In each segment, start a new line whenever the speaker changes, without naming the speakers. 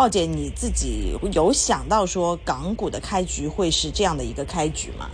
或姐，你自己有想到說港股的開局會是這樣的一個開局嗎？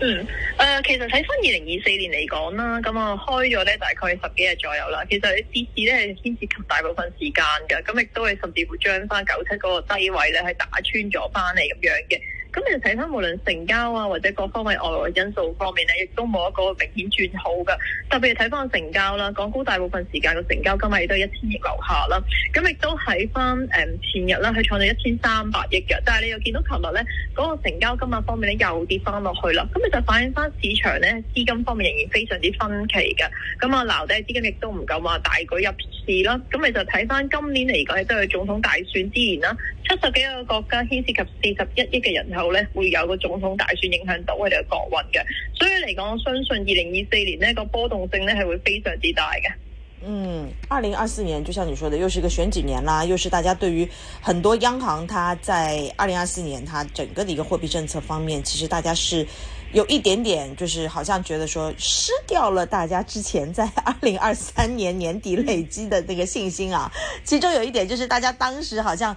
嗯，誒、呃，其實睇翻二零二四年嚟講啦，咁啊開咗咧大概十幾日左右啦。其實這次市咧係牽涉及大部分時間嘅，咁亦都係甚至會將翻九七個低位咧係打穿咗翻嚟咁樣嘅。咁你就睇翻，無論成交啊，或者各方面外來因素方面咧，亦都冇一個明顯轉好噶。特別係睇翻個成交啦，港股大部分時間個成交金額都係一千億樓下啦。咁亦都喺翻前日啦，佢創到一千三百億嘅。但係你又見到琴日咧，嗰個成交金額方面咧又跌翻落去啦。咁你就反映翻市場咧，資金方面仍然非常之分歧嘅。咁啊，留低資金亦都唔夠話，大舉入市啦。咁你就睇翻今年嚟講，亦都係總統大選之年啦，七十幾個國家牽涉及四十一億嘅人口，咧會有個總統大選影響到佢哋嘅國運嘅，所以嚟講，我相信二零二四年呢個波動性呢係會非常之大
嘅。嗯，二零二四年就像你說的，又是一個選舉年啦，又是大家對於很多央行，它在二零二四年，它整個的一個貨幣政策方面，其實大家是有一點點，就是好像覺得說失掉了大家之前在二零二三年年底累積的那個信心啊。其中有一點就是大家當時好像。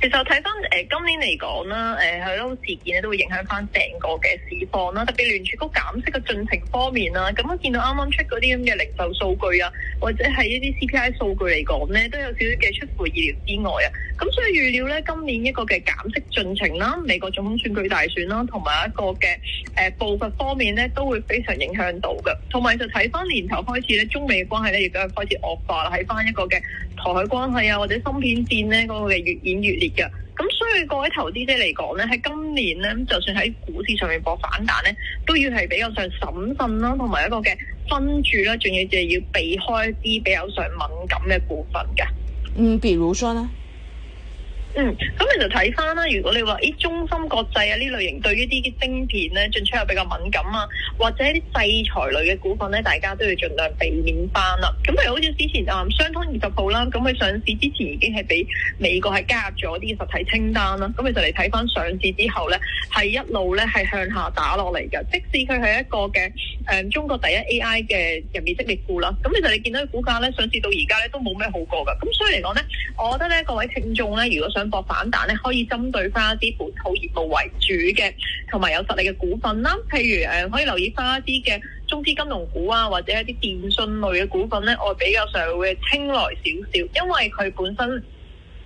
其實睇翻誒今年嚟講啦，誒係好多事件咧都會影響翻成個嘅市況啦，特別聯儲局減息嘅進程方面啦，咁我見到啱啱出嗰啲咁嘅零售數據啊，或者係一啲 CPI 數據嚟講咧，都有少少嘅出乎意料之外啊。咁所以預料咧今年一個嘅減息進程啦，美國總統選舉大選啦，同埋一個嘅誒步伐方面咧，都會非常影響到嘅。同埋就睇翻年頭開始咧，中美關係咧亦都係開始惡化啦，喺翻一個嘅台海關係啊，或者芯片戰呢，嗰個嘅越演越烈。嘅，咁所以各位投資者嚟講咧，喺今年咧，就算喺股市上面博反彈咧，都要係比較上審慎啦，同埋一個嘅分注啦，仲要就要避開啲比較上敏感嘅部分嘅。嗯，比如說呢？嗯，咁你就睇翻啦，如果你話咦，中心國際啊呢類型對於啲晶片咧進出又比較敏感啊，或者啲制裁類嘅股份咧，大家都要盡量避免翻啦、啊。咁佢好似之前啊，商湯二十號啦，咁佢上市之前已經係俾美國係加入咗啲實體清單啦、啊。咁佢就嚟睇翻上市之後咧，係一路咧係向下打落嚟㗎。即使佢係一個嘅、嗯、中國第一 AI 嘅人面識別、啊、股啦，咁其實你見到佢股價咧上市到而家咧都冇咩好過㗎。咁所以嚟講咧，我覺得咧各位聽眾咧，如果上博反彈咧，可以針對翻一啲本土業務為主嘅，同埋有實力嘅股份啦。譬如誒，可以留意翻一啲嘅中資金融股啊，或者一啲電信類嘅股份咧，我比較上會青睞少少，因為佢本身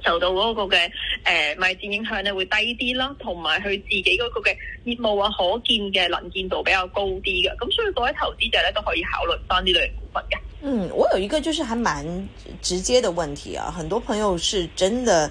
受到嗰個嘅誒微電影響咧會低啲啦，同埋佢自己嗰個嘅業務啊，可見嘅能見度比較高啲嘅。咁所以各位投資者咧都可以考慮翻呢類股份
嘅。嗯，我有一個就是還蠻直接嘅問題啊，很多朋友是真的。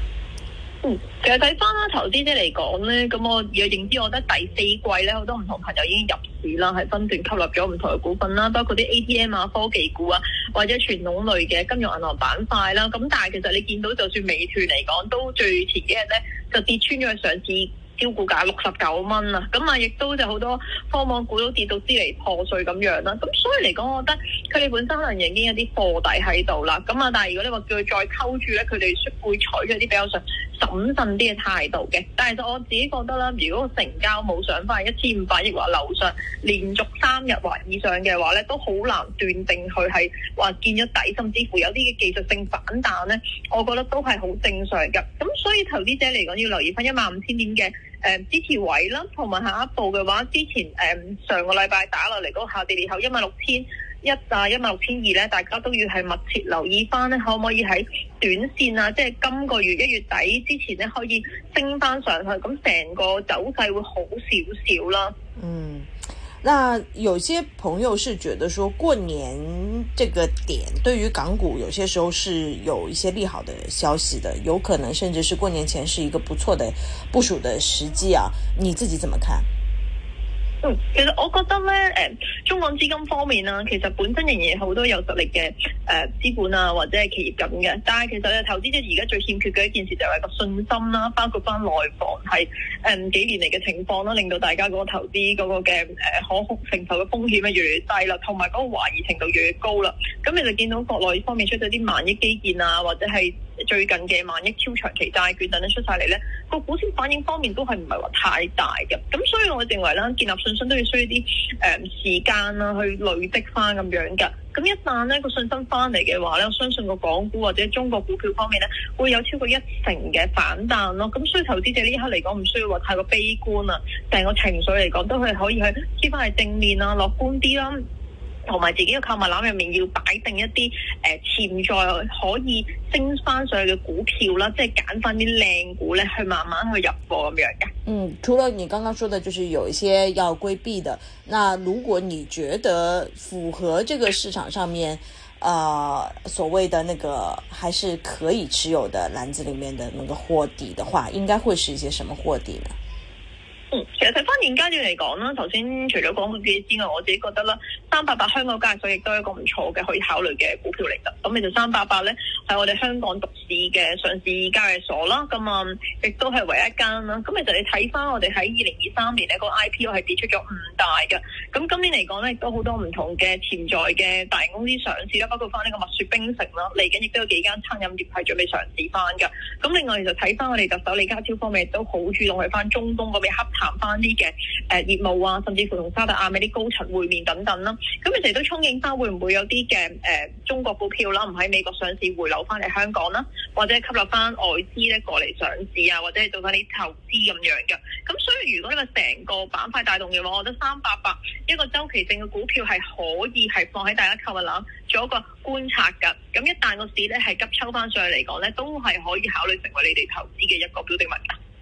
嗯，其實睇翻啦，頭先啲嚟講咧，咁我認知，我覺得第四季咧，好多唔同朋友已經入市啦，係分段吸納咗唔同嘅股份啦，包括啲 ATM 啊、科技股啊，或者傳統類嘅金融銀行板塊啦。咁但係其實你見到，就算美團嚟講，都最前幾日咧就跌穿咗上市招股價六十九蚊啦咁啊，亦都就好多科網股都跌到支離破碎咁樣啦。咁所以嚟講，我覺得佢哋本身可能已經有啲貨底喺度啦。咁啊，但係如果你話叫佢再吸住咧，佢哋會取咗啲比較上。謹慎啲嘅態度嘅，但係就我自己覺得啦，如果個成交冇上翻一千五百億或樓上連續三日或以上嘅話咧，都好難斷定佢係話見咗底，甚至乎有啲嘅技術性反彈咧，我覺得都係好正常㗎。咁所以投資者嚟講要留意翻一萬五千點嘅誒支持位啦，同埋下一步嘅話之前誒上個禮拜打落嚟嗰個下跌裂口一萬六千。1, 6, 一啊一萬六千二咧，大家都要係密切留意翻咧，可唔可以喺短線啊，即係今個月一月底之前咧，可以升翻上去，咁成個走勢會好少少啦。嗯，
那有些朋友是覺得說過年這個點對於港股有些時候是有一些利好的消息的，有可能甚至是過年前是一個不錯的部署的時機啊。你自己怎麼看？
嗯，其實我覺得咧，誒、嗯、中港資金方面啦，其實本身仍然好多有實力嘅誒、呃、資本啊，或者係企業咁嘅。但係其實咧投資者而家最欠缺嘅一件事就係個信心啦、啊，包括翻內房係誒、嗯、幾年嚟嘅情況啦、啊，令到大家嗰個投資嗰個嘅誒可控承受嘅風險咧越嚟越低啦，同埋嗰個懷疑程度越嚟越高啦。咁你就見到國內方面出咗啲萬億基建啊，或者係。最近嘅萬億超長期債券等等出晒嚟咧，個股市反應方面都係唔係話太大嘅，咁所以我認為咧，建立信心都要需要啲誒時間啦，去累積翻咁樣㗎。咁一旦咧個信心翻嚟嘅話咧，我相信個港股或者中國股票方面咧，會有超過一成嘅反彈咯。咁所以投資者呢一刻嚟講，唔需要話太過悲觀啊，成個情緒嚟講都係可以去貼翻係正面啊，樂觀啲啦。同埋自己嘅購物籃入面要擺定一啲誒潛在可以升翻上去嘅股票啦，即係揀翻啲靚股咧，去慢慢去入貨咁樣嘅。嗯，除了你剛剛說的，就是有一些要規避的。
那如果你覺得符合這個市場上面，啊、呃，所謂的那個還是可以持有的籃子裏面的那個貨底的話，應該會是一些什麼貨底呢？
嗯，其實睇翻年間段嚟講啦，頭先除咗講嗰幾之外，我自己覺得啦，三八八香港交易所亦都係一個唔錯嘅可以考慮嘅股票嚟㗎。咁其實三八八咧係我哋香港獨市嘅上市交易所啦，咁啊亦都係唯一間啦。咁其實你睇翻我哋喺二零二三年呢個 I P O 係跌出咗五大嘅。咁今年嚟講咧亦都好多唔同嘅潛在嘅大型公司上市啦，包括翻呢個蜜雪冰城啦，嚟緊亦都有幾間餐飲業係準備嘗試翻嘅。咁另外其實睇翻我哋特首李家超方面亦都好主動去翻中東嗰邊黑談翻啲嘅，誒，業務啊，甚至乎同沙特阿美啲高層會面等等啦。咁佢成日都憧憬翻，會唔會有啲嘅，誒，中國股票啦，唔喺美國上市回流翻嚟香港啦，或者吸納翻外資咧過嚟上市啊，或者做翻啲投資咁樣嘅。咁所以如果呢個成個板塊帶動嘅話，我覺得三八八一個周期性嘅股票係可以係放喺大家購物籃做一個觀察噶。咁一旦個市咧係急抽翻上嚟講咧，都係可以考慮成為你哋投資嘅一個標的物噶。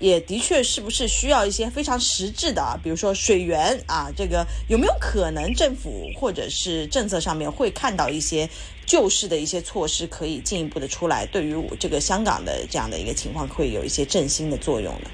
也的確，是不是需要一些非常實質的啊？比如說水源啊，這個有沒有可能政府或者是政策上面會看到一些救市的一些措施，可以進一步的出來，對於這個香港的這樣的一個情況，會有一些振興的作用呢？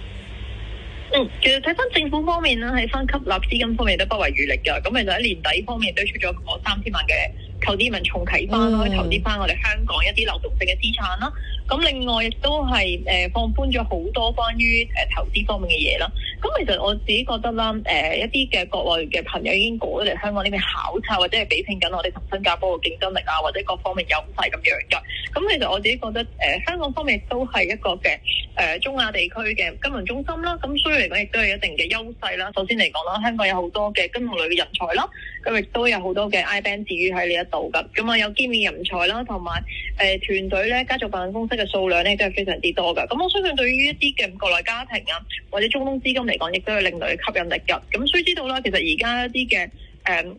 嗯，
其實睇返政府方面呢，喺分吸納資金方面都不遺餘力嘅，咁嚟到喺年底方面都出咗個三千萬嘅。投資人重啟翻，可以投資翻我哋香港一啲流動性嘅資產啦。咁另外亦都係誒放寬咗好多關於投資方面嘅嘢啦。咁其實我自己覺得啦，誒、呃、一啲嘅國內嘅朋友已經過咗嚟香港呢邊考察，或者係比拼緊我哋同新加坡嘅競爭力啊，或者各方面優勢咁樣嘅。咁其實我自己覺得誒、呃、香港方面都係一個嘅誒、呃、中亞地區嘅金融中心啦。咁所以嚟講亦都係一定嘅優勢啦。首先嚟講啦，香港有好多嘅金融類嘅人才啦。咁亦都有好多嘅 I n 置於喺呢一度嘅，咁啊有堅勉人才啦，同埋誒團隊咧，家族辦公室嘅數量咧，都係非常之多嘅。咁我相信對於一啲嘅國內家庭啊，或者中東資金嚟講，亦都有另類嘅吸引力嘅。咁須知道啦，其實而家一啲嘅誒。嗯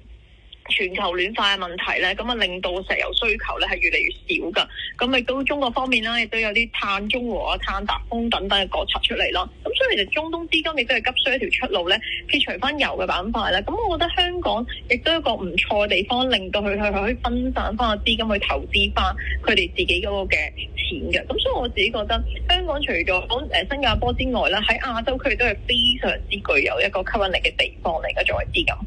全球暖化嘅問題咧，咁啊令到石油需求咧係越嚟越少噶。咁亦都中國方面啦，亦都有啲碳中和、碳達峰等等嘅國策出嚟啦。咁所以其實中東資金亦都係急需一條出路咧，撇除翻油嘅板塊啦。咁我覺得香港亦都一個唔錯嘅地方，令到佢去可以分散翻個資金去投資翻佢哋自己嗰個嘅錢嘅。咁所以我自己覺得香港除咗講誒新加坡之外咧，喺亞洲區都係非常之具有一個吸引力嘅地方嚟嘅，作為資金。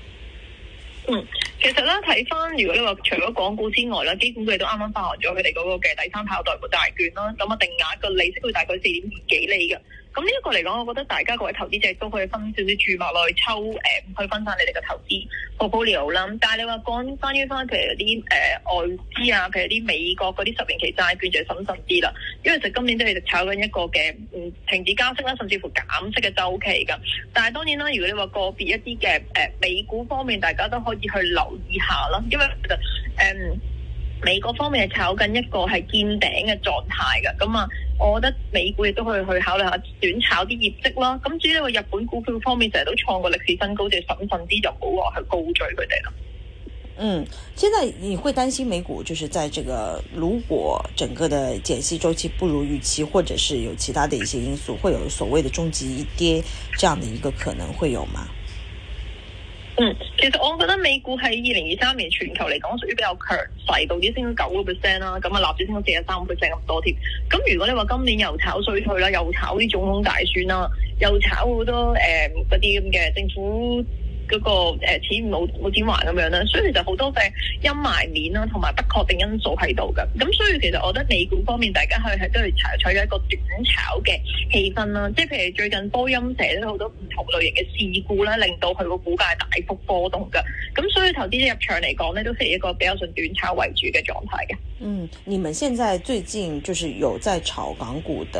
嗯，其實咧睇翻，如果你話除咗港股之外啦，基本佢哋都啱啱發行咗佢哋嗰個嘅第三套代幣大券啦，咁啊定額個利息會大概四點幾厘嘅。咁呢一個嚟講，我覺得大家各位投資者都可以分少少注落去抽，誒、嗯、去分散你哋嘅投資 portfolio 啦。但係你話關關於返，譬如啲誒、呃、外資啊，比如啲美國嗰啲十年期債券就審慎啲啦。因為其實今年都係炒緊一個嘅、嗯、停止加息啦，甚至乎減息嘅周期噶。但係當然啦，如果你話個別一啲嘅、呃、美股方面，大家都可以去留意下啦。因為其實、呃、美國方面係炒緊一個係見頂嘅狀態嘅咁啊。嗯我覺得美股亦都可以去考慮下短炒啲業績囉。咁至於呢個日本股票方面，成日都創過歷史新高，審就審慎啲就唔好話
去高追佢哋喇。嗯，現在你會擔心美股就是在這個，如果整個的減息周期不如預期，或者是有其他的一些因素，會有所謂的終極一跌，這樣的，一個可能會有嗎？
嗯，其實我覺得美股喺二零二三年全球嚟講，屬於比較強勢，到已經升咗九個 percent 啦，咁啊，納指升咗四十三個 percent 咁多添。咁如果你話今年又炒衰退啦，又炒啲總統大選啦，又炒好多誒嗰啲咁嘅政府。嗰個誒錢冇冇錢還咁樣啦，所以其實好多嘅陰霾面啦，同埋不確定因素喺度嘅。咁所以其實我覺得美股方面，大家去係都係採取一個短炒嘅氣氛啦。即係譬如最近波音社咧好多唔同類型嘅事故啦，令到佢個股價大幅波動嘅。咁所以投資者入場嚟講咧，都係一個比較信短炒為主嘅狀態嘅。嗯，
你們現在最近就是有在炒港股嘅？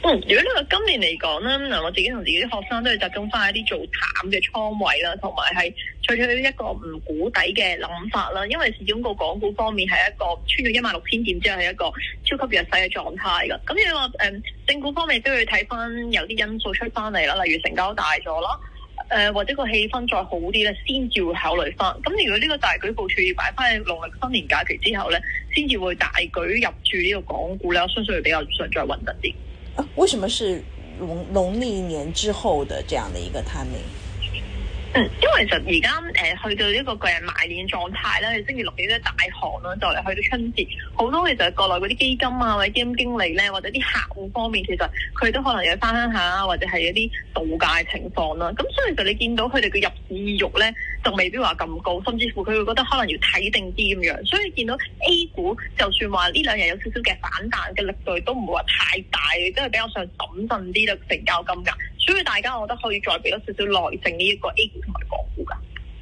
嗯，如果呢個今年嚟講咧，嗱我自己同自己啲學生都要集中翻一啲做淡嘅倉位啦，同埋係採取一個唔估底嘅諗法啦。因為始終個港股方面係一個穿咗一萬六千點之後係一個超級弱勢嘅狀態嘅。咁你話誒，正、嗯、股方面都要睇翻有啲因素出翻嚟啦，例如成交大咗啦，誒、呃、或者個氣氛再好啲咧，先至會考慮翻。咁如果呢個大舉部署擺翻去農曆新年假期之後咧，先至會大舉入駐呢個港股咧，我相信會比較上再穩陣啲。啊、為什麼是農農曆
年之後的這樣的一個 timing？嗯，因為其實而家
誒去到一、這個到這個人買鏈狀態咧，星期六幾都大寒啦，就嚟去到春節，好多其實國內嗰啲基金啊或者基金經理咧或者啲客戶方面，其實佢都可能有翻鄉下或者係一啲度假嘅情況啦。咁所以就你見到佢哋嘅入市意欲咧。就未必話咁高，甚至乎佢會覺得可能要睇定啲咁樣，所以見到 A 股就算話呢兩日有少少嘅反彈嘅力度都唔會話太大，即係比較想謹慎啲嘅成交金額，所以大家我覺得可以再俾多少少耐性呢一個 A 股同埋港股噶。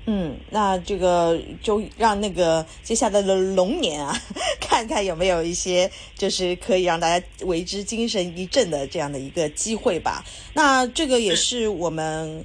嗯，
嗱，這個就讓那個接下來嘅龍年啊，看看有沒有一些就是可以讓大家為之精神一振的這樣的一個機會吧。那這個也是我們…嗯。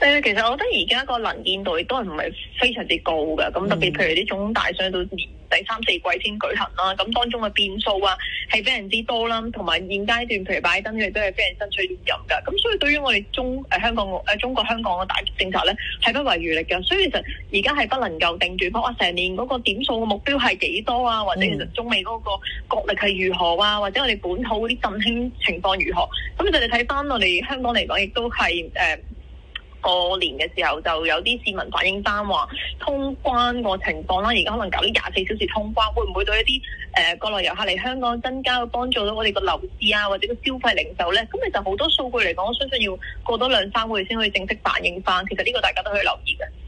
其實我覺得而家個能見度亦都係唔係非常之高噶，咁特別譬如呢種大商到年第三四季先舉行啦，咁當中嘅變數啊，係非常之多啦，同埋現階段譬如拜登佢都係非常爭取連任㗎，咁所以對於我哋中誒、呃、香港誒、呃、中國香港嘅大政策咧係不遺餘力嘅。所以其實而家係不能夠定住話成年嗰個點數嘅目標係幾多啊，或者其實中美嗰個國力係如何啊，或者我哋本土嗰啲振興情況如何，咁就係睇翻我哋香港嚟講亦都係誒。呃過年嘅時候就有啲市民反映翻話通關個情況啦，而家可能搞啲廿四小時通關，會唔會對一啲誒國內遊客嚟香港增加，幫助到我哋個樓市啊，或者個消費零售呢？咁其實好多數據嚟講，我相信要過多兩三個月先可以正式反映翻。其實呢個大家都可以留意嘅。